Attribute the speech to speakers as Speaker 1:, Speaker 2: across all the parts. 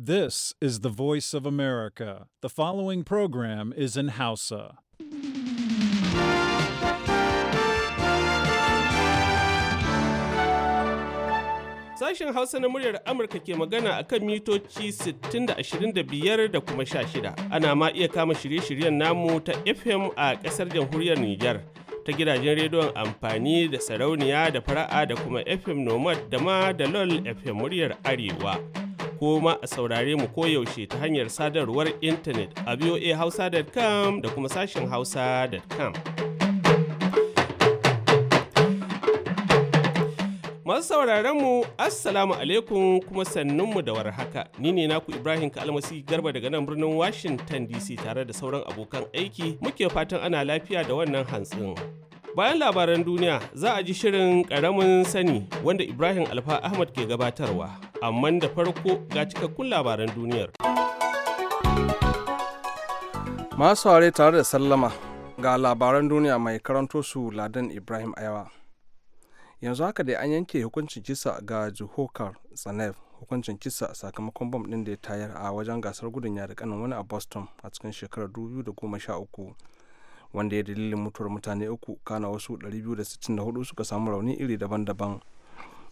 Speaker 1: This is the voice of America. The following program is in Hausa.
Speaker 2: Sashen Hausa na muryar Amurka ke magana a kan mitoci 60-25 da kuma sha shida, Ana ma iya kama shirye-shiryen namu ta FM a ƙasar jamhuriyar Nijar. ta gidajen rediyon amfani da sarauniya da fara'a da kuma fm nomad da ma da lol fm muryar arewa Koma a saurare mu koyaushe ta hanyar sadarwar intanet a voahausa.com da kuma sashen hausa.com. Masu sauraron mu Assalamu alaikum kuma sannunmu da warhaka. Ni ne naku Ibrahim Kalmasi Garba daga nan birnin Washington DC tare da sauran abokan aiki muke fatan ana lafiya da wannan hantsin. Bayan labaran duniya za a ji shirin ƙaramin sani wanda Ibrahim Alfa Ahmad ke gabatarwa. amma da farko ga cikakkun labaran duniyar.
Speaker 3: Masu ware tare da sallama ga labaran duniya mai karanto su Ladan Ibrahim Ayawa. Yanzu haka dai an yanke hukuncin kisa ga Juhokar Tsanev hukuncin kisa sakamakon bom ɗin da ya tayar a wajen gasar gudun yada kanin wani a Boston a cikin shekarar 2013 wanda ya dalilin mutuwar mutane uku kana wasu 264 suka samu rauni iri daban-daban.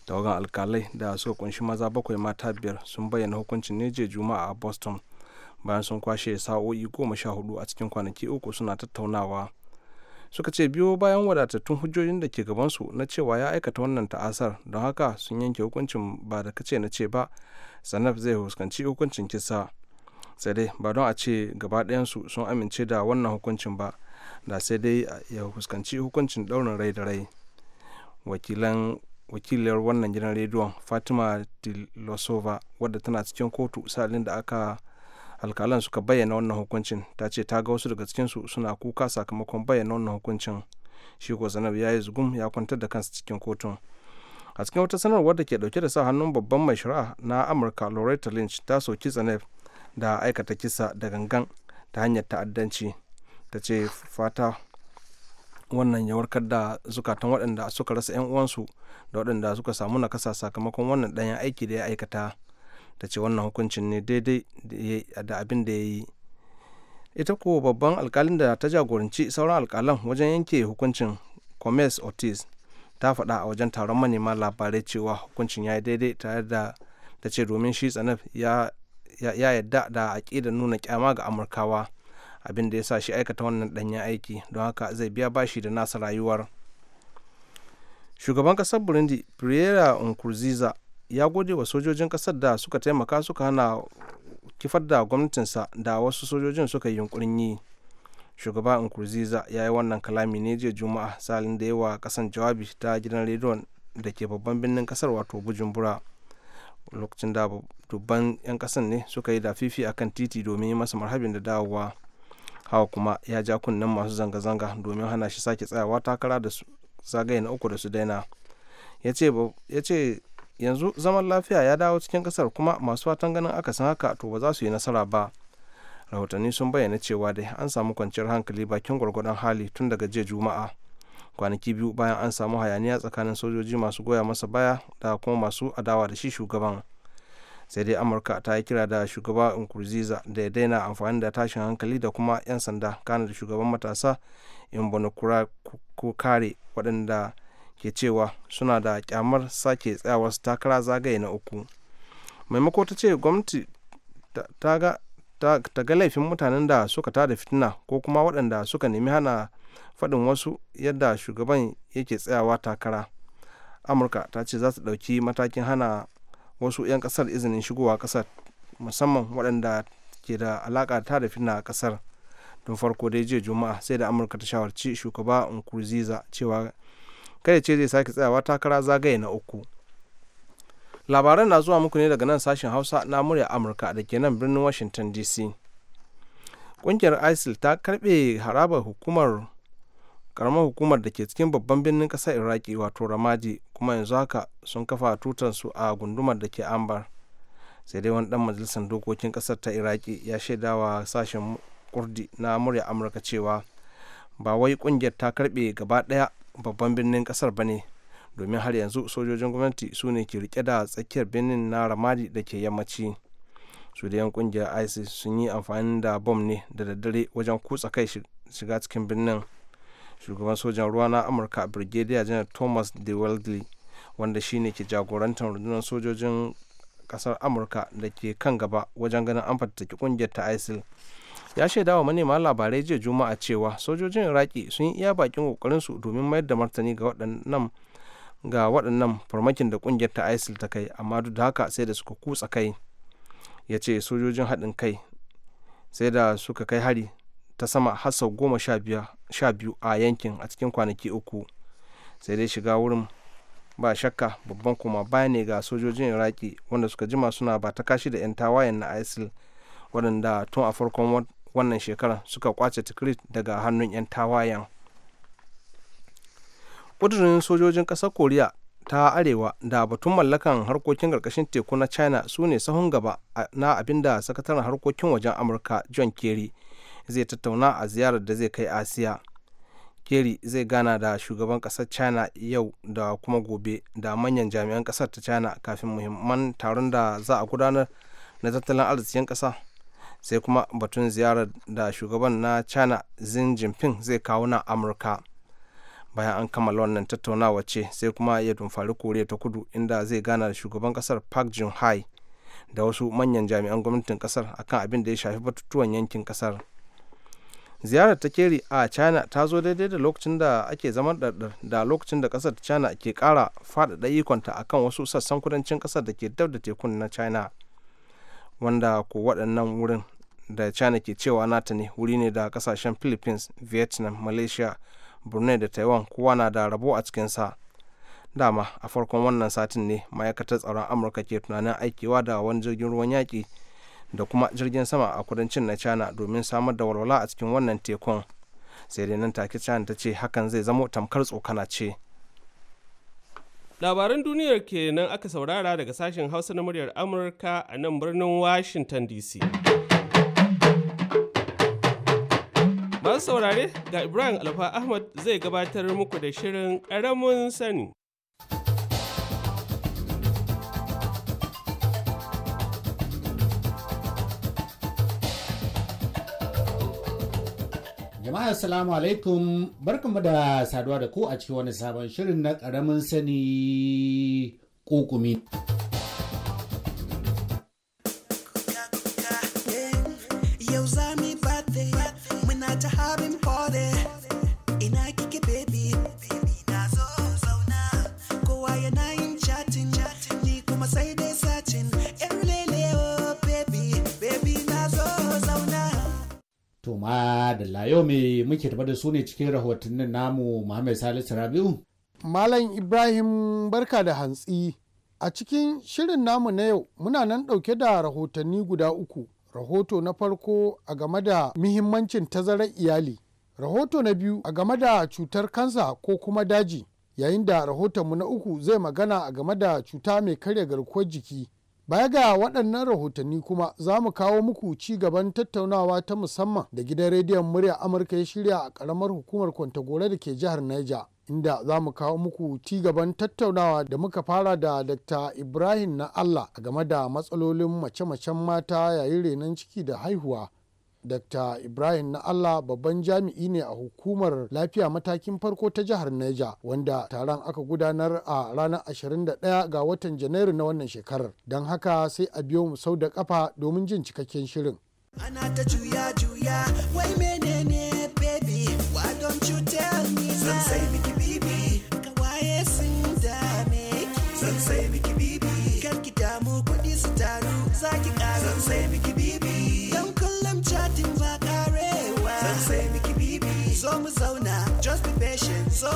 Speaker 3: tawagar alkalai da suka kunshi maza bakwai mata biyar sun bayyana hukuncin ne juma'a a boston bayan sun kwashe sa'o'i goma sha hudu a cikin kwanaki uku suna tattaunawa suka ce biyo bayan wadatattun hujjojin da ke gabansu na cewa ya aikata wannan ta'asar don haka sun yanke hukuncin ba da kace na ce ba sanaf zai fuskanci hukuncin kisa sai dai ba don a ce gaba ɗayansu sun amince da wannan hukuncin ba da sai dai ya fuskanci hukuncin ɗaurin rai da rai wakilan wakiliyar wannan gidan rediyon fatima tilosova wadda tana cikin kotu salin da aka alkalan suka bayyana wannan hukuncin ta ce ta ga wasu daga cikinsu suna kuka sakamakon bayyana wannan hukuncin shi ko zanab ya yi zugum ya kwantar da kansa cikin kotun a cikin wata sanarwar da ke dauke da sa hannun babban mai shari'a na amurka loretta lynch ta soki zanab da aikata kisa da gangan ta hanyar ta'addanci ta ce fata wannan ya warkar da zukatan waɗanda suka rasa 'yan uwansu da waɗanda suka samu nakasa sakamakon wannan ɗanyen aiki da ya aikata ta ce wannan hukuncin ne daidai da abin da ya yi ita ko babban alkalin da ta jagoranci sauran alkalan wajen yanke hukuncin commerce ortiz ta faɗa a wajen taron manema labarai cewa hukuncin ya yi daidai tare da ta ce domin shi tsanaf ya yadda da aƙidar nuna kyama ga amurkawa abin da ya sa shi aikata wannan danyen aiki don haka zai biya bashi da nasa rayuwar shugaban kasar burundi pierre nkurunziza ya gode wa sojojin kasar da suka taimaka suka hana kifar da gwamnatinsa da wasu sojojin suka yi yunkurin yi shugaba nkurunziza ya yi wannan kalami ne jiya juma'a salin da yawa kasan jawabi ta gidan rediyon da ke babban birnin kasar wato bujumbura lokacin da dubban 'yan kasan ne suka yi da fifi akan titi domin yi masa marhabin da dawowa hawa kuma ya ja kunnen masu zanga-zanga domin hana shi sake tsayawa takara da zagaye na uku da su daina ya ce yanzu zaman lafiya ya dawo cikin kasar kuma masu fatan ganin aka san haka to ba za su yi nasara ba rahotanni sun bayyana cewa dai an samu kwanciyar hankali bakin gwargwadon hali tun daga jiya juma'a kwanaki biyu bayan an samu hayaniya tsakanin sojoji masu goya masa baya da kuma masu adawa da shi shugaban sai dai amurka ta yi kira da shugaba nkurunziza da ya daina amfani da tashin hankali da kuma 'yan sanda kana da shugaban matasa in ko kare waɗanda ke cewa suna da kyamar sake tsayawar su takara zagaye na uku maimako ta ce gwamnati ta ga laifin mutanen da suka tada fitina ko kuma waɗanda suka nemi hana faɗin wasu yadda shugaban yake tsayawa takara amurka ta ce za ta ɗauki matakin hana wasu 'yan kasar izinin shigowa kasar musamman waɗanda ke da alaƙa ta da fina a kasar don farko dai jiya juma'a sai da amurka ta shawarci shugaba nkurunziza cewa kada ce zai sake tsayawa takara zagaye na uku labaran na zuwa muku ne daga nan sashen hausa na murya amurka da ke nan birnin washington dc ƙungiyar isil ta karɓe harabar hukumar karamar hukumar da ke cikin babban birnin kasar iraki wato ramadi kuma yanzu haka sun kafa tutansu a gundumar da ke ambar sai dai wani dan majalisar dokokin kasar ta iraki ya shaidawa sashen kurdi na murya amurka cewa ba wai kungiyar ta karbe gaba daya babban birnin kasar ba ne domin har yanzu sojojin gwamnati su ne ke rike da tsakiyar birnin na ramadi da ke yammaci su da yan kungiyar isis sun yi amfani da bom ne da daddare wajen kutsa kai shiga cikin birnin shugaban sojan ruwa na amurka brigadier janar thomas de welgley wanda shine ke jagorantar rundunar sojojin kasar amurka da ke kan gaba wajen ganin an fatattaki kungiyar ta isil ya shaida wa manema labarai jiya juma'a cewa sojojin iraki sun yi iya bakin kokarinsu domin mayar da martani ga waɗannan ga waɗannan farmakin da kungiyar ta isil ta kai amma duk da haka sai da suka kutsa kai ya ce sojojin haɗin kai sai da suka kai hari ta sama har sau goma sha biyu a yankin a cikin kwanaki uku sai dai shiga wurin ba shakka babban kuma baya ne ga sojojin iraki wanda suka jima suna ba ta kashi da 'yan tawayen na isil waɗanda tun a farkon wannan shekarar suka kwace tikrit daga hannun 'yan tawayen ƙudurin sojojin ƙasar koriya ta arewa da batun mallakan harkokin ƙarƙashin teku na china su ne sahun gaba na abinda sakataren harkokin wajen amurka john kerry zai tattauna a ziyarar da zai kai asiya kerry zai gana da shugaban kasar china yau da kuma gobe da manyan jami'an kasar ta china kafin muhimman taron da za a gudanar na tattalin arzikin kasa sai kuma batun ziyarar da shugaban na china xi jinping zai kawo na amurka bayan an kammala wannan tattaunawa ce sai kuma ya dumfari koriya ta kudu inda zai gana da shugaban kasar park jin hai da wasu manyan jami'an gwamnatin kasar akan abin da ya shafi batutuwan yankin kasar ziyarar ta keri a china ta zo daidai da lokacin da ake zama ɗarɗar da lokacin da ƙasar china ke ƙara faɗaɗa ikonta a kan wasu sassan kudancin ƙasar da ke dab da tekun na china wanda ko waɗannan wurin da china ke cewa nata ne wuri ne da kasashen philippines vietnam malaysia brunei da taiwan kowa na da rabo a cikinsa dama a farkon wannan satin ne ma'aikatar tsaron amurka ke tunanin aikewa da wani jirgin ruwan yaƙi da kuma jirgin sama a kudancin na china domin samar da walwala a cikin wannan tekun sai dai nan take china ta ce hakan zai zamo tamkar tsokana ce
Speaker 2: labaran duniyar kenan aka saurara daga sashen hausa na muryar amurka a nan birnin washington dc masu saurare ga ibrahim alfa ahmad zai gabatar muku da shirin ƙaramin sani
Speaker 4: Jama'a Assalamu alaikum barkanmu da saduwa da ku a cikin wani sabon shirin na karamin sani ƙuƙumi. muke tafa da su ne cikin rahotannin namu Muhammad Salisu Rabiu. Malam Ibrahim barka da hantsi. A cikin shirin namu na yau muna nan ɗauke da rahotanni guda uku. Rahoto na farko a game da muhimmancin tazarar iyali. Rahoto na biyu a game da cutar kansa ko kuma daji. Yayin da rahotonmu na uku zai magana a game da cuta mai karya garkuwar jiki Baya ga waɗannan rahotanni kuma za mu kawo muku ci gaban tattaunawa ta musamman da gidan rediyon murya Amurka ya shirya a ƙaramar hukumar Kwantagore da ke jihar Niger. Inda za mu kawo muku ci gaban tattaunawa da muka fara da Dr. Ibrahim na Allah game da matsalolin mace-macen mata yayin renon ciki da haihuwa Dr. Ibrahim na Allah babban jami'i ne a hukumar lafiya matakin farko ta jihar Neja wanda taron aka gudanar a ranar 21 ga watan Janairu na wannan shekarar. Don haka sai a biyo mu sau da kafa domin jin cikakken shirin.
Speaker 5: so just be patient so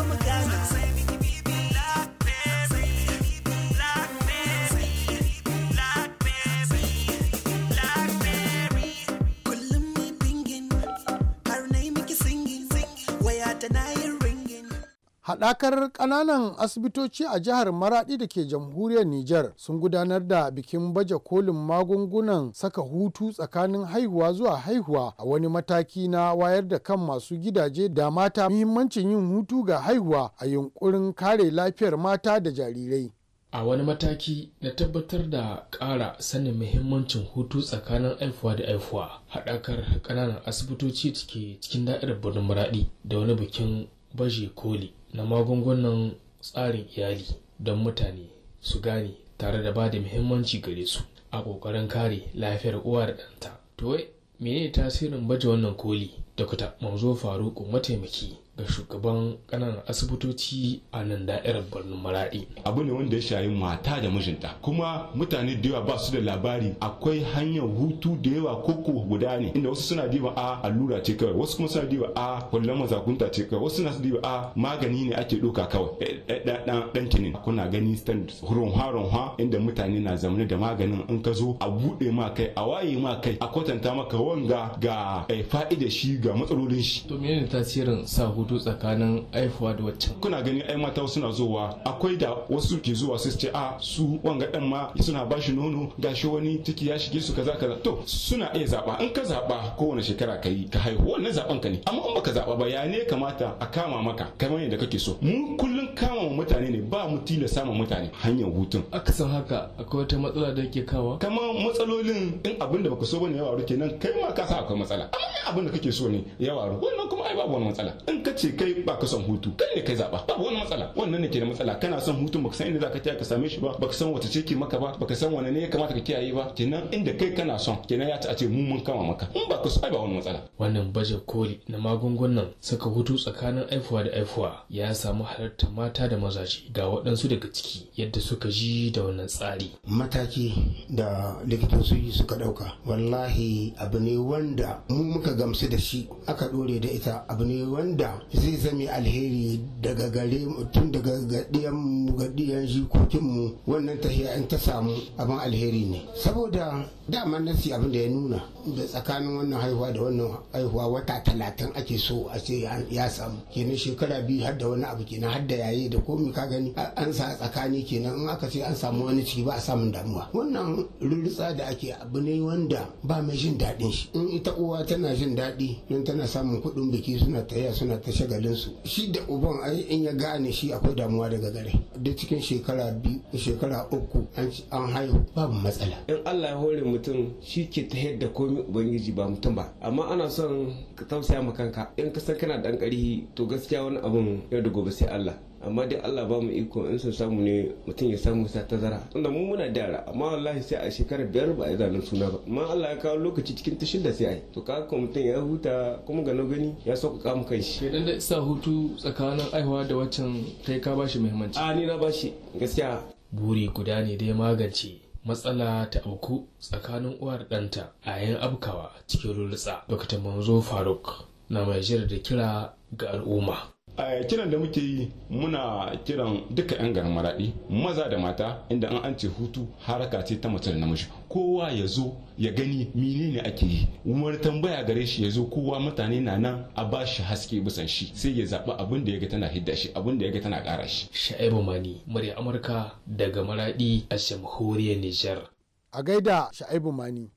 Speaker 4: haɗakar ƙananan asibitoci a jihar Maraɗi da ke jamhuriyar Nijar sun gudanar da bikin baje kolin magungunan saka hutu tsakanin haihuwa zuwa haihuwa a wani mataki na wayar da kan masu gidaje da mata muhimmancin yin hutu ga haihuwa a yunkurin kare lafiyar mata da jarirai. a wani mataki na
Speaker 6: tabbatar da ƙara sanin muhimmancin hutu tsakanin aifuwa da aifuwa haɗakar ƙananan asibitoci ke cikin da'irar birnin maraɗi da wani bikin baje koli na magungunan tsarin iyali don mutane su gane tare da ba da muhimmanci gare su a ƙoƙarin kare lafiyar uwa da ɗanta. To wai menene tasirin baje wannan koli? Dokta faru Faruku mataimaki ga shugaban ƙananan asibitoci
Speaker 7: a nan da da'irar birnin maraɗi. abu ne wanda ya shayi mata da mijinta kuma mutane da yawa ba su da labari akwai hanyar hutu da yawa koko guda ne inda wasu suna diba a allura ce kawai wasu kuma suna diba a kullum mazakunta ce kawai wasu suna diba a magani ne ake doka kawai eh, eh, ɗan kinin kuna gani stand runha runha inda mutane na zamani da maganin in ka zo a buɗe ma kai a waye ma kai a kwatanta maka wanga ga eh, fa'ida shi ga matsalolin shi. to menene tasirin sa hutu hudu tsakanin aifuwa da waccan kuna gani ai mata suna zowa akwai da wasu ke zuwa su ce a ah, su wanga dan ma suna bashi nono ga shi wani ciki ya shige su kaza kaza to suna iya zaba in ka zaba kowane shekara ka yi ka haihu wannan zaben ka ne amma in baka zaba ba ya ne kamata a kama maka kamar yadda kake so mu kullun kama mutane ne ba mu tilasa ma mutane hanyar hutun akasin haka
Speaker 6: akwai wata matsala da yake kawa
Speaker 7: kamar matsalolin in abin da baka so bane ya waru kenan kai ma ka sa akwai matsala amma abin da kake so ne yawa waru wannan kuma ai babu wani matsala in ka ce kai ba ka son hutu kai ne kai zaba babu wani matsala wannan ne ke da matsala kana son hutu baka san inda zaka taya ka same shi ba baka san wata ce ke maka ba baka san wani ne ya kamata ka kiyaye ba kenan inda kai kana son kenan ya ta a ce mu mun kama maka in ba ka so ai ba wani matsala
Speaker 6: wannan baje koli na magungunan saka hutu tsakanin aifuwa da aifuwa ya samu halartar mata da mazaje ga waɗansu daga ciki yadda suka ji da wannan tsari mataki
Speaker 7: da likitoci suka ɗauka wallahi
Speaker 6: abu ne wanda
Speaker 7: mu muka gamsu da shi aka ɗore da ita abu ne wanda zai zame alheri daga gare tun daga gadiyan mu gadiyan jikokin mu wannan tahiya in ta samu abin alheri ne saboda dama nasi abin da ya nuna da tsakanin wannan haihuwa da wannan haihuwa wata talatin ake so a ce ya samu kenan shekara biyu har da wani abu kenan har da yaye da komi ka gani an sa tsakani kenan in aka ce an samu wani ciki ba a samun damuwa wannan rurrutsa da ake abu ne wanda ba mai jin daɗin shi in ita uwa tana jin daɗi don tana samun kuɗin biki biki suna taya suna ta shagalinsu shi da uban ai in ya gane shi akwai damuwa daga gare duk cikin shekara biyu shekara uku an haihu babu matsala in Allah ya hore mutum shi ke ta yadda komai ubangiji ba mutum ba amma ana son ka tausaya ma kanka in ka san kana dan karihi to gaskiya wani abun yau da gobe sai Allah amma dai Allah ba mu iko in sun samu ne mutum ya samu sa tazara tunda mu muna dara amma wallahi sai a shekarar biyar ba a zanen suna ba amma Allah ya kawo lokaci cikin tashin da sai a yi to ka mutum ya huta kuma gano gani ya sauka ka kai shi.
Speaker 6: idan da isa hutu tsakanin aihuwa da waccan kai ka bashi muhimmanci a ni na bashi gaskiya buri guda ne dai magance matsala ta auku tsakanin uwar ɗanta a yayin abkawa cikin rulutsa dr manzo faruk na mai jira da kira ga al'umma
Speaker 7: a kiran da muke yi muna kiran duka 'yan garin maraɗi maza da mata inda an an ce hutu haraka ce ta mace da namiji kowa ya zo ya gani menene ake yi wani tambaya gare shi ya zo kowa mutane na nan a ba shi haske bisan shi sai ya zaɓi abin da ya ga tana hidda
Speaker 6: shi abin da ya ga tana ƙara shi sha'ibu mani murya amurka daga maraɗi a shamhuriyar nijar
Speaker 4: a gaida sha'ibu mani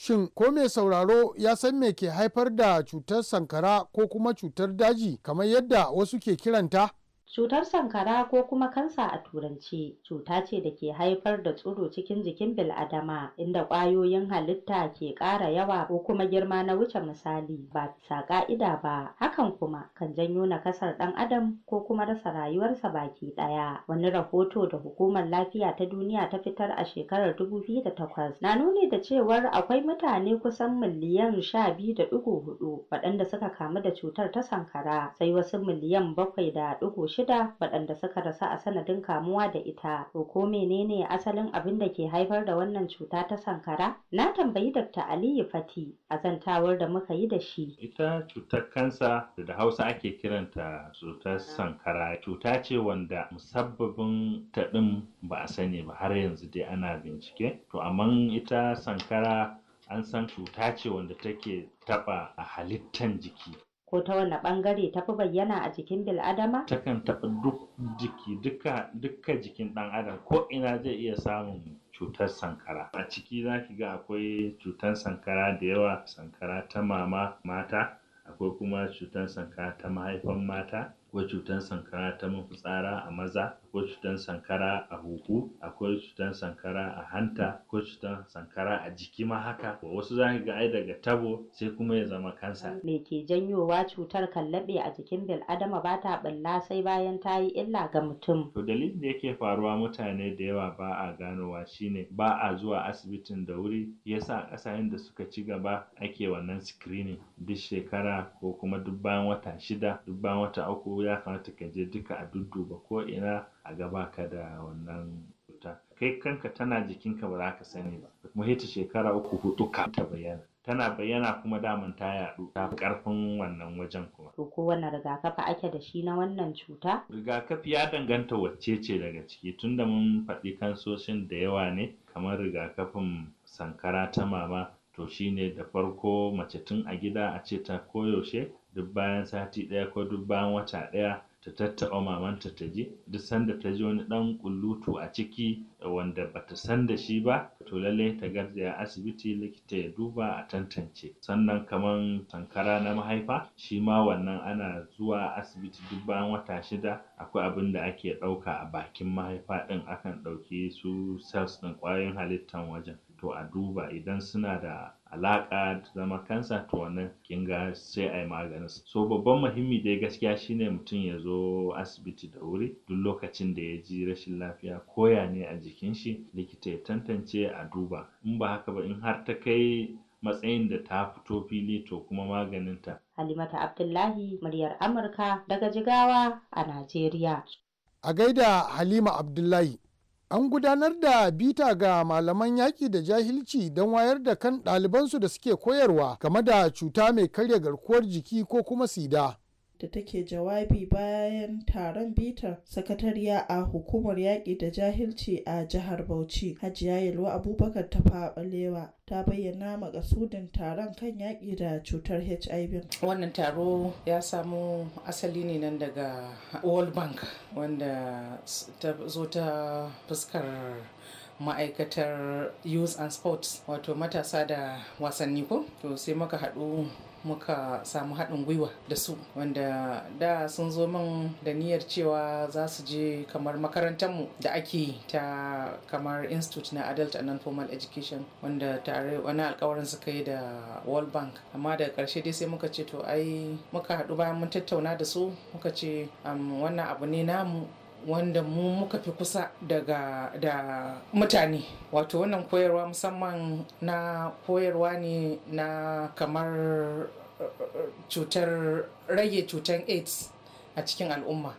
Speaker 4: Shin ko mai sauraro ya san me ke haifar da cutar sankara ko kuma cutar daji kamar yadda wasu ke kiranta?
Speaker 8: Cutar sankara ko kuma kansa a turance cuta ce da ke haifar da tsiro cikin jikin bil'adama inda ƙwayoyin halitta ke ƙara yawa ko kuma girma na wuce misali ba bisa ƙa'ida ba hakan kuma kan janyo nakasar ɗan adam ko kuma rasa rayuwarsa baki ɗaya. Wani rahoto da hukumar lafiya ta duniya ta fitar a shekarar dubu biyu da takwas na nuni da cewar akwai mutane kusan miliyan sha biyu da ɗigo huɗu waɗanda suka kamu da cutar ta sankara sai wasu miliyan bakwai da ɗigo shida shida waɗanda suka rasu a sanadin kamuwa da ita. To ko menene asalin abin da ke haifar da wannan cuta ta sankara? Na tambayi Dr. Aliyu Fati a zantawar da
Speaker 1: muka yi da shi. Ita cutar kansa da da Hausa ake kiranta cutar sankara cuta ce wanda musabbabin ta ɗin ba a sani ba har yanzu dai ana bincike. To amma ita sankara an san cuta ce wanda take taɓa a halittan jiki
Speaker 8: ko ta wani ɓangare ta fi bayyana a jikin bil'adama?
Speaker 1: Takan taɓa duk jiki duka jikin ɗan adam ko ina zai iya samun cutar sankara a ciki za ki ga akwai cutar sankara da yawa sankara ta mama mata akwai kuma cutar sankara ta mahaifan mata akwai cutar sankara ta mafitsara a maza akwai cutar sankara a huhu akwai cutar sankara a hanta akwai cutar sankara a jiki ma haka wasu za ga ai daga tabo sai kuma ya zama kansa
Speaker 8: me ke janyowa cutar kallabe a jikin bil'adama ba ta ɓalla sai bayan ta yi illa
Speaker 1: ga mutum to dalilin da yake faruwa mutane da yawa ba a ganowa shine ba a zuwa asibitin da wuri yasa ƙasashen da suka ci gaba ake wannan screening duk shekara ko kuma duk bayan wata shida duk bayan wata uku abu ya kamata ka je duka a dudduba ko ina a gaba ka da wannan cuta kai kanka tana jikinka ba za ka sani ba kuma hita shekara uku hudu ka ta bayyana tana bayyana kuma daman ta yadu ta karfin wannan wajen kuma.
Speaker 8: To ko wannan rigakafi ake da shi na wannan cuta?
Speaker 1: Rigakafi ya danganta wacce ce daga ciki tunda mun faɗi kansoshin da yawa ne kamar rigakafin sankara ta mama to shine da farko mace tun a gida a ce ta koyaushe duk bayan sati ɗaya ko duk bayan wata ɗaya ta tattaɓa mamanta ta ji duk sanda ta ji wani ɗan kullutu a ciki wanda ba ta san da shi ba to lalle ta garzaya asibiti likita ya duba a tantance sannan kaman sankara na mahaifa shi ma wannan ana zuwa asibiti duk bayan wata shida akwai abin da ake ɗauka a bakin mahaifa ɗin akan ɗauki su cells ɗin ƙwayoyin halittan wajen to a duba idan suna da alaƙa ta zama kansa to wannan kin ga sai a yi maganin so babban muhimmi dai gaskiya shine mutum ya zo asibiti da wuri duk lokacin da ya ji rashin lafiya koya ne a jikin shi likita ya tantance a duba in ba haka ba in har ta kai matsayin da ta fito fili to kuma maganin maganinta
Speaker 8: halimata abdullahi muryar amurka daga jigawa a najeriya
Speaker 4: a gaida halima abdullahi An gudanar da bita ga malaman yaƙi da jahilci don wayar da kan ɗalibansu da suke koyarwa game da cuta
Speaker 9: mai karya garkuwar jiki ko kuma sida. da take jawabi bayan taron bitar sakatariya a hukumar yaƙi da jahilci a jihar Bauchi Hajiya Yalwa Abubakar ta faɓalewa ta bayyana makasudin taron kan yaƙi da cutar HIV. Wannan taro ya samu asali ne nan daga World Bank wanda ta zo ta fuskar ma'aikatar youth and sports wato matasa da wasanni ko to sai muka haɗu muka samu haɗin gwiwa da su wanda da sun zo min da niyyar cewa za su je kamar mu da ake ta kamar institute na adult and non-formal education wanda tare wani alkawarin suka yi da world bank amma daga karshe dai sai muka ce to ai muka haɗu bayan mun tattauna da su muka ce wannan abu ne namu wanda mu muka fi kusa daga da mutane wato wannan koyarwa musamman na koyarwa ne na kamar cutar rage cutar aids a cikin al'umma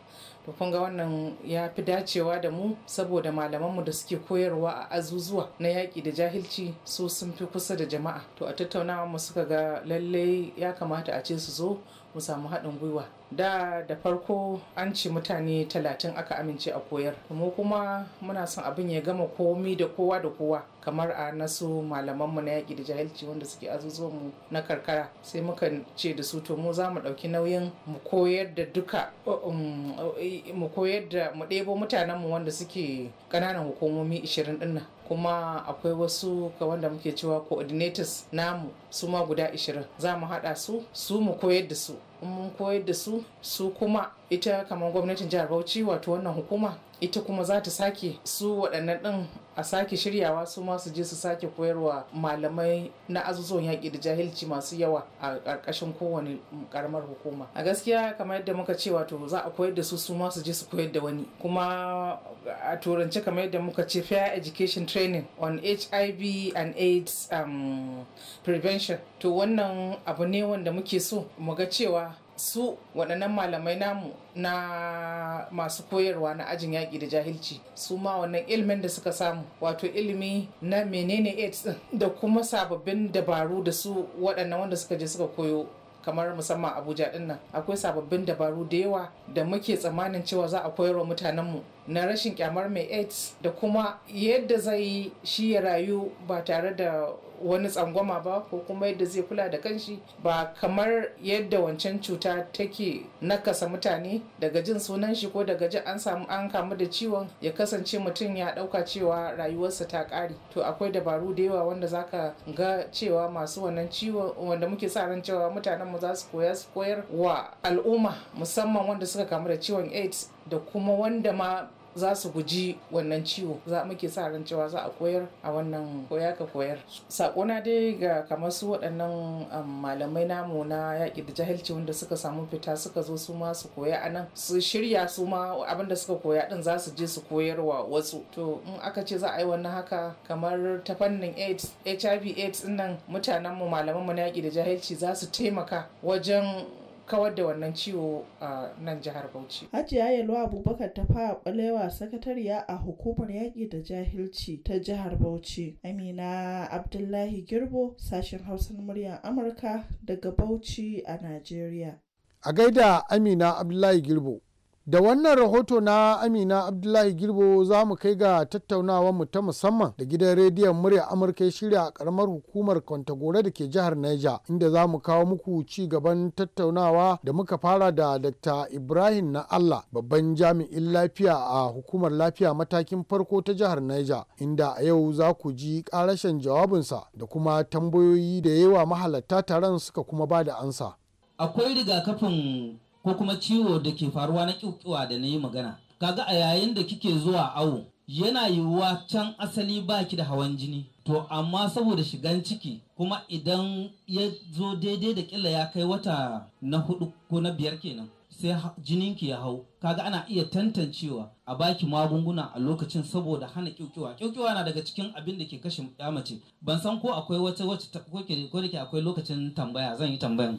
Speaker 9: to kun wannan ya fi dacewa da mu saboda malamanmu da suke koyarwa a azuzuwa na yaƙi da jahilci su sun fi kusa da jama'a to a tattaunawa mu suka ga lallai ya kamata a ce su zo mu samu haɗin gwiwa da da farko an ce mutane talatin aka amince a koyar mu kuma muna son abin ya gama komi da kowa da kowa kamar a nasu malamanmu na yaƙi da jahilci wanda suke mu na karkara sai muka ce da su to mu za mu ɗauki nauyin mu koyar da duka um, um, mu koyar da mu ɗebo mutanenmu wanda suke ƙananan hukumomi 20 ɗin kuma akwai wasu ka wanda muke cewa coordinators namu su ma guda 20 za mu haɗa su su mu koyar da su in mun koyar da su su kuma ita kamar gwamnatin jihar bauchi wato wannan hukuma ita kuma za ta sake su waɗannan ɗin a sake shiryawa su ma su je su sake koyarwa malamai na azuzon yaƙi da jahilci masu yawa a ƙarƙashin kowane ƙaramar hukuma a gaskiya kamar yadda muka ce wato za a koyar da su su ma su je su koyar da wani kuma a turance kamar yadda muka ce fair education training on hiv and aids um, prevention to wannan abu ne wanda muke so mu ga cewa su waɗannan malamai namu na masu koyarwa na ajin yaƙi da jahilci su ma wannan ilimin da suka samu wato ilimi na menene aids da kuma sababbin dabaru da su waɗannan wanda suka je suka koyo kamar musamman abuja ɗinnan), akwai sababbin dabaru da yawa da muke tsammanin cewa za a koyarwa mutanenmu na rashin kyamar mai aids da kuma yadda zai shi ya rayu ba tare da wani tsangwama ba ko kuma yadda zai kula da kanshi ba kamar yadda wancan cuta take nakasa mutane daga jin sunan shi ko daga jin an samu an kamu da ciwon ya kasance mutum ya dauka cewa rayuwarsa ta kare to akwai dabaru da yawa wanda zaka ga cewa masu wannan ciwon wanda muke sa ran cewa mutanen mu za su koyar wa al'umma musamman wanda suka kamu da ciwon aids da kuma wanda ma za su guji wannan ciwo za muke sa ran cewa za a koyar a wannan koya ka koyar sakona dai ga kamar su waɗannan um, malamai namu na yaƙi da jahilci wanda suka samu fita suka zo su ma su koya a nan su shirya su ma abin da suka koya din za su je su koyarwa wasu to in aka ce za a yi wannan haka kamar ta fannin aids hiv aids nan mutanen mu malaman mu na yaƙi da jahilci za su taimaka wajen kawar da wannan ciwo a nan jihar Bauchi. Hajiya Yalwa Abubakar ta fara kwalewa sakatariya a hukumar yaƙi da jahilci ta jihar Bauchi. Amina Abdullahi Girbo sashen Hausa muryar Amurka daga
Speaker 1: Bauchi a Najeriya.
Speaker 4: A gaida Amina Abdullahi Girbo. da wannan rahoto na amina abdullahi girbo za mu kai ga tattaunawar mu ta musamman da gidan rediyon murya amurka ya shirya a karamar hukumar kwantagore da ke jihar Naija, inda za mu kawo muku ci gaban tattaunawa da muka fara da dr ibrahim na allah babban jami'in lafiya a hukumar lafiya matakin farko ta jihar Naija, inda a yau za ku ji karashen jawabinsa da kuma tambayoyi da yawa mahalarta taron suka kuma ba da ansa
Speaker 5: akwai rigakafin ko kuma ciwo da ke faruwa na ƙiƙiwa da na yi magana kaga a yayin da kike zuwa awo yana yiwuwa can asali baki da hawan jini to amma saboda shigan ciki kuma idan ya zo daidai da kila ya kai wata na hudu ko na biyar kenan sai jininki ya hau kaga ana iya tantancewa a baki magunguna a lokacin saboda hana kyaukewa kyaukewa na daga cikin abin da ke kashe ya mace ban san ko akwai wata wacce ko da ke akwai lokacin tambaya zan yi tambayan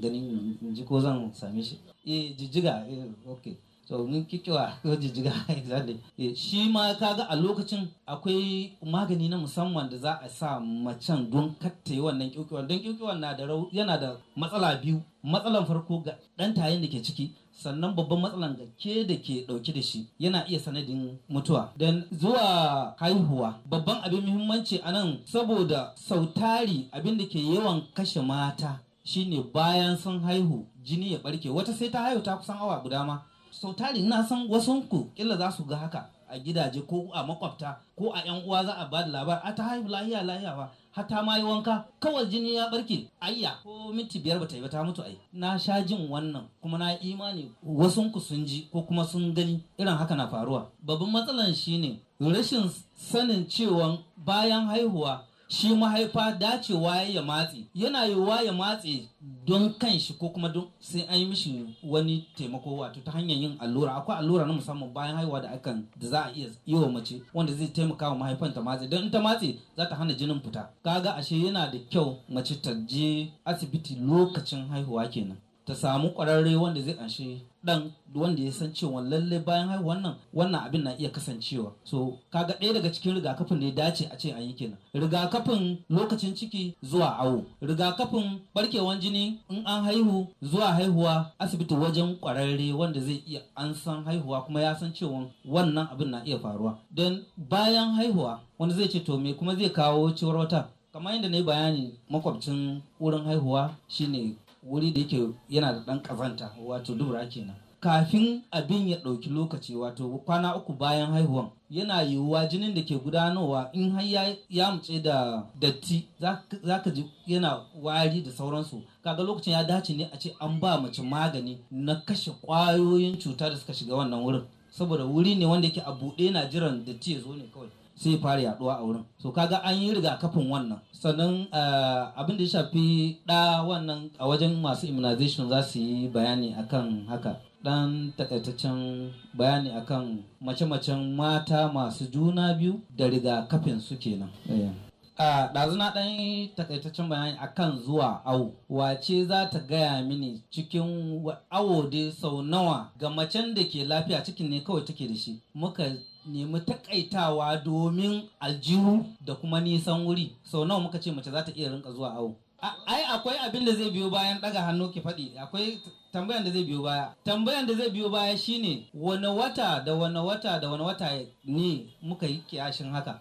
Speaker 5: ganin ji ko zan same shi eh jijjiga eh okay to mun kikiwa ko jijjiga exactly eh, shi ma kaga a lokacin akwai magani na musamman da za a sa macen don kattaye wannan kikiwan don kikiwan na da yana da matsala biyu matsalan farko ga dan tayin da ke ciki sannan babban matsalan ga ke da ke dauke da shi yana iya sanadin mutuwa dan zuwa haihuwa babban abin muhimmanci anan saboda sautari abin da ke yawan kashe mata shine bayan sun haihu jini ya barke wata sai ta haihu ta kusan awa guda ma sau tari na san wasanku kila za su ga haka a gidaje ko a makwabta ko a yan uwa za a ba da labar a ta haihu lahiya lahiya ba hata ma yi wanka kawai jini ya barke ayya ko minti biyar bata yi ba ta mutu ai na sha jin wannan kuma na yi imani wasunku sun ji ko kuma sun gani irin haka na faruwa babban matsalan shine rashin sanin cewa bayan haihuwa shi mahaifa dacewa ya matse yana yiwuwa ya matse don kan shi ko kuma don sai an yi mishi wani taimako wato ta hanyar yin allura akwai allura na musamman bayan haihuwa da akan da za a iya yi wa mace wanda zai taimaka wa mahaifan ta matse don in ta matse za ta hana jinin fita kaga ashe yana da kyau mace ta je asibiti lokacin haihuwa kenan ta samu kwararre wanda zai anshe dan wanda ya san cewa lalle bayan haihuwan nan wannan abin na iya kasancewa so kaga ɗaya daga cikin rigakafin da ya dace a ce an yi kenan rigakafin lokacin ciki zuwa awo rigakafin barkewan jini in an haihu zuwa haihuwa asibiti wajen kwararre wanda zai iya an san haihuwa kuma ya san cewa wannan abin na iya faruwa don bayan haihuwa wanda zai ce to me kuma zai kawo ciwar wata kamar yadda na yi bayani makwabcin wurin haihuwa shine wuri da yake yana da ɗan ƙazanta wato dubura kenan kafin abin ya ɗauki lokaci wato kwana uku bayan haihuwan yana yiwuwa jinin da ke gudanowa in har ya mutse da datti za ka ji yana wari da sauransu kaga lokacin ya dace ne a ce an ba mace magani na kashe ƙwayoyin cuta da suka shiga wannan wurin saboda wuri ne wanda yake a buɗe na jiran datti ya zo ne kawai sai fara yaduwa a wurin so kaga an yi rigakafin wannan sannan eh, abin da ya shafi ɗa wannan a wajen masu immunization za su yi bayani akan haka dan takaitaccen bayani akan mace-macen mata masu juna biyu da rigakafin su kenan. Eh. a ɗazu na ɗan takaitaccen bayani akan zuwa awo wace za ta gaya mini cikin awo dai sau nawa ga macen da ke lafiya cikin ne kawai take da shi muka nemi takaitawa domin aljihu da kuma nisan wuri sau nawa muka ce mace za ta iya rinka zuwa awo ai akwai abin da zai biyo bayan daga hannu ke faɗi akwai tambayan da zai biyo baya tambayan da zai biyo baya shine wani wata da wani wata da wani wata ne muka yi kiyashin haka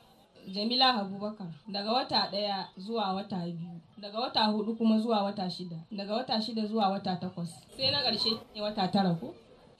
Speaker 8: Jamila Abubakar daga wata ɗaya zuwa wata biyu daga wata hudu kuma zuwa wata shida daga wata shida zuwa wata takwas sai na ƙarshe ne wata tara ko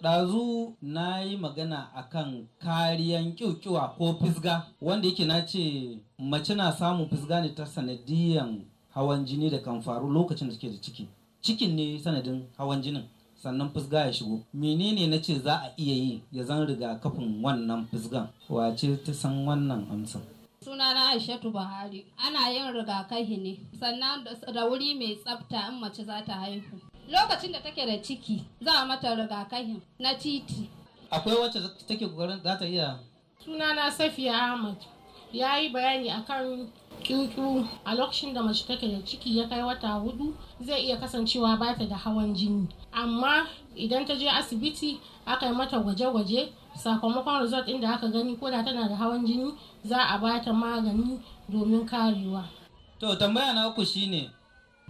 Speaker 5: ɗazu na yi magana akan kariyan kyaukyuwa ko fisga wanda yake na ce mace na samun fisga ne ta sanadiyan hawan jini da kan faru lokacin da take da ciki cikin ne sanadin hawan jinin sannan fisga ya shigo menene na ce za a iya yi ya zan riga kafin wannan fisgan wace ta san wannan amsa
Speaker 8: sunana aishatu buhari ana yin rigakafi ne sannan da wuri mai tsafta in mace za ta haihu lokacin da take da ciki za a mata rigakafin na titi
Speaker 5: akwai wacce take kokarin za ta iya
Speaker 8: suna na safiya ahmad ya yi bayani
Speaker 9: akan kyukyu a lokacin da mace take da ciki ya kai wata hudu zai iya kasancewa ba ta da hawan jini amma idan ta je asibiti aka yi mata gwaje-gwaje
Speaker 8: sakamakon result inda aka gani ko da tana da hawan jini za a ba ta magani domin karewa
Speaker 5: to tambaya na uku shine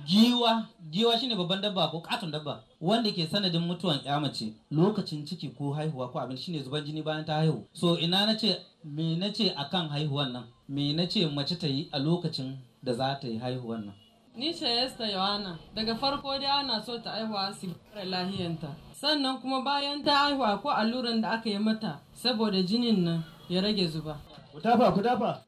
Speaker 5: giwa giwa shine babban dabba ko katon dabba wanda ke sanadin mutuwan ya mace lokacin ciki ko haihuwa ko abin ne zuban jini bayan ta haihu so ina na ce me na a akan haihuwan nan me na ce mace ta yi a lokacin da za ta yi haihuwan nan
Speaker 9: Ni ce Yohana, daga farko dai ana so ta haihuwa su fara lahiyanta. Sannan kuma bayan ta haihuwa ko alluran da aka yi mata saboda jinin nan ya rage zuba.
Speaker 5: Ku tafa!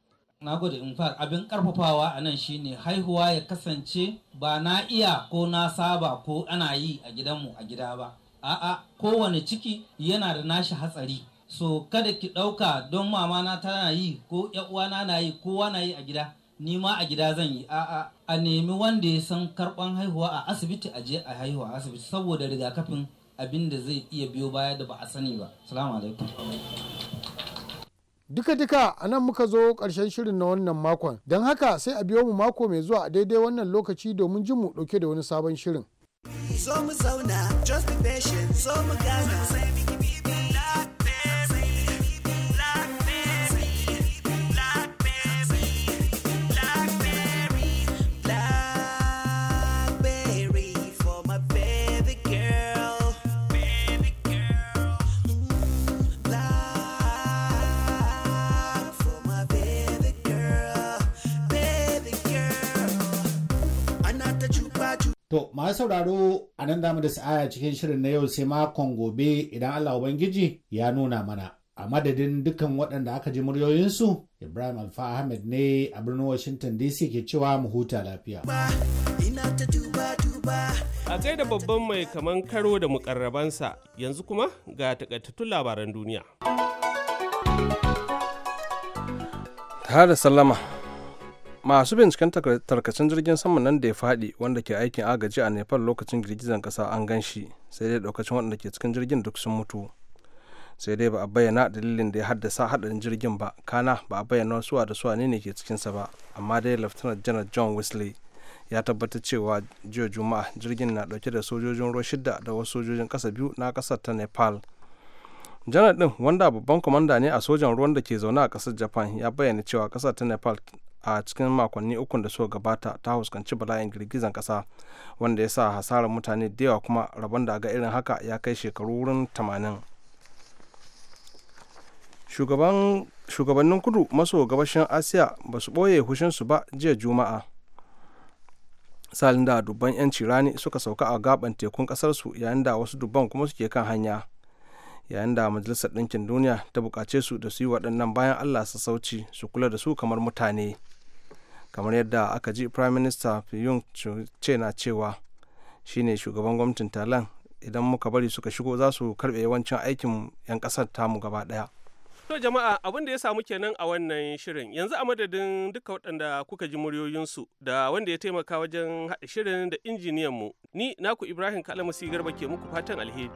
Speaker 5: na gode in fact abin karfafawa a nan shine haihuwa ya kasance ba na iya ko na saba ko ana yi a gidanmu a gida ba a'a kowane ciki yana da nashi hatsari so kada ki ɗauka don mamana tana yi ko uwana na yi kowa na yi a gida ni ma a gida zan yi a'a a nemi wanda ya san karban haihuwa a asibiti a je a haihuwa a asibiti saboda rigakafin abin da zai iya biyo baya da ba a sani ba salamu
Speaker 4: alaikum Duka-duka a nan muka zo ƙarshen shirin na wannan makon, don haka sai a biyo mu mako mai zuwa a daidai wannan lokaci domin jin mu ɗauke da wani sabon shirin.
Speaker 5: Zo mu zauna, just be patient, zo mu gana, sai
Speaker 4: To, masu sauraro a nan damu da sa'aya cikin shirin na yau sai makon gobe idan Allah Ubangiji ya nuna mana. A madadin dukkan waɗanda aka ji muryoyinsu, Ibrahim Alfa Ahmed ne a birnin Washington DC ke cewa mu huta lafiya.
Speaker 2: A gaida babban mai kaman karo da mukarrabansa yanzu kuma ga takaitattun labaran duniya.
Speaker 3: Tare da sallama masu binciken tarkacin jirgin saman nan da ya faɗi wanda ke aikin agaji a nepal lokacin girgizan kasa an gan shi sai dai daukacin waɗanda ke cikin jirgin duk sun mutu sai dai ba a bayyana dalilin da ya haddasa haɗarin jirgin ba kana ba a bayyana suwa da suwa ne ke cikinsa ba amma dai lieutenant janar john wesley ya tabbatar cewa jiya juma'a jirgin na ɗauke da sojojin ruwa shida da wasu sojojin ƙasa biyu na ƙasar ta nepal janar din wanda babban kwamanda ne a sojan ruwan da ke zaune a kasar japan ya bayyana cewa kasar ta nepal a cikin makonni ukun da suka gabata ta huskanci bala'in girgizan kasa wanda ya sa hasarar mutane da yawa kuma rabon da ga irin haka ya kai shekaru wurin tamanin. shugabannin kudu maso gabashin asiya ba su ɓoye hushinsu ba jiya juma'a salin da dubban 'yanci rani suka sauka a gaban tekun kasarsu yayin da wasu dubban kuma suke kan hanya yayin da majalisar ɗinkin duniya ta buƙace su da su yi waɗannan bayan allah sassauci su kula da su kamar mutane kamar yadda aka ji prime minister fiyun ce na cewa shine shugaban gwamnatin talan idan muka bari suka shigo za su karbe yawancin aikin 'yan kasar tamu gaba daya
Speaker 2: to jama'a abin da ya samu kenan a wannan shirin yanzu a madadin duka waɗanda kuka ji muryoyinsu da wanda ya taimaka wajen haɗa shirin da injiniyan mu ni naku ibrahim kalamasi garba ke muku fatan alheri